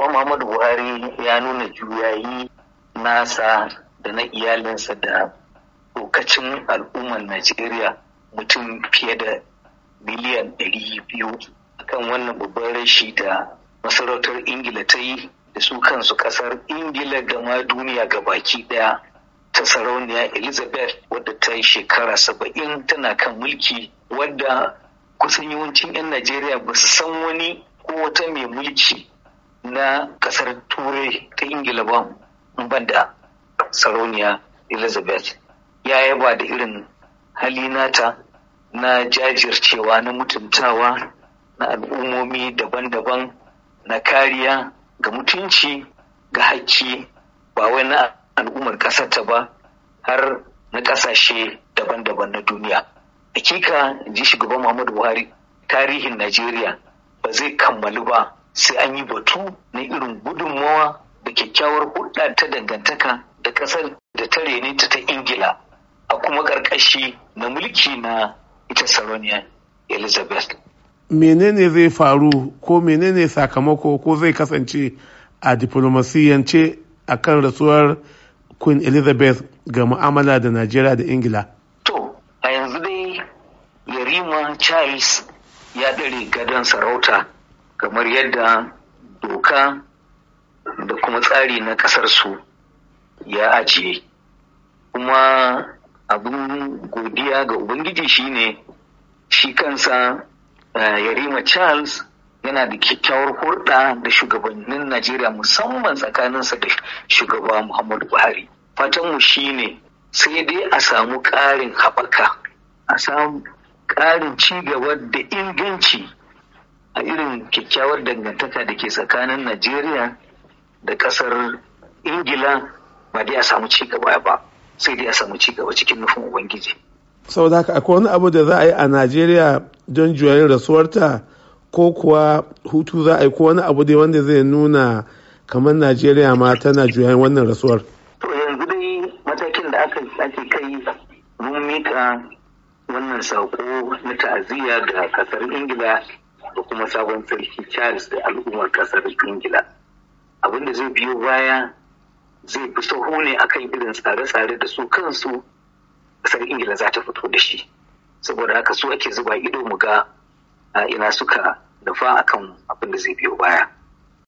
shugaba muhammadu buhari ya nuna juyayi nasa da na iyalinsa da lokacin al'ummar najeriya mutum fiye da miliyan ɗari 200 kan wannan babban rashi da masarautar ingila ta yi da su kansu kasar ingila da ma duniya ga baki ɗaya ta sarauniya elizabeth wadda ta yi shekara saba'in tana kan mulki wadda kusan yawancin 'yan najeriya ba su san wani ko wata mai mulki na kasar turai ta ingila ba ban da sarauniya elizabeth ya yaba da irin hali nata na jajircewa na mutuntawa na al'ummomi daban-daban na kariya ga mutunci ga hakki ba wai na al'ummar ƙasarta ba har na ƙasashe daban-daban na duniya hakika ji shugaban muhammadu buhari tarihin najeriya ba zai kammalu ba sai an yi batu na irin gudunmawa da kyakkyawar hulɗa ta dangantaka da ƙasar da ta rene ta ta ingila a kuma ƙarƙashi na mulki na ita sarauniya elizabeth menene zai faru ko menene sakamako ko zai kasance a diplomasiyance a kan rasuwar queen elizabeth ga mu'amala da najeriya da ingila to a yanzu dai yarima charles ya ɗare gadon sarauta kamar yadda doka da kuma tsari na ƙasar su ya ajiye kuma abin godiya ga ubangiji shine shi kansa eh, yarima charles yana da kyakkyawar hulɗa da shugabannin najeriya musamman tsakaninsa da shugaba muhammadu buhari fatanmu shine sai dai a samu ƙarin haɓaka a samu ƙarin cigaba da inganci a irin kyakkyawar dangantaka da ke tsakanin najeriya da kasar ingila ba dai a samu ci ba sai dai a samu cigaba gaba cikin nufin ubangiji saboda haka akwai wani abu da za a yi a najeriya don juyayin rasuwarta ko kuwa hutu za a yi ko wani abu dai wanda zai nuna kamar najeriya ma tana juyayin wannan rasuwar to yanzu dai matakin da aka ake kai mun mika wannan saƙo na ta'aziyya ga kasar ingila da kuma sabon sarki charles da al'ummar kasar ingila abin da zai biyo baya zai fi saho ne akan irin tsare-tsare da su kansu kasar ingila za ta fito da shi saboda haka su ake zuba ido mu ga ina suka dafa akan abin da zai biyo baya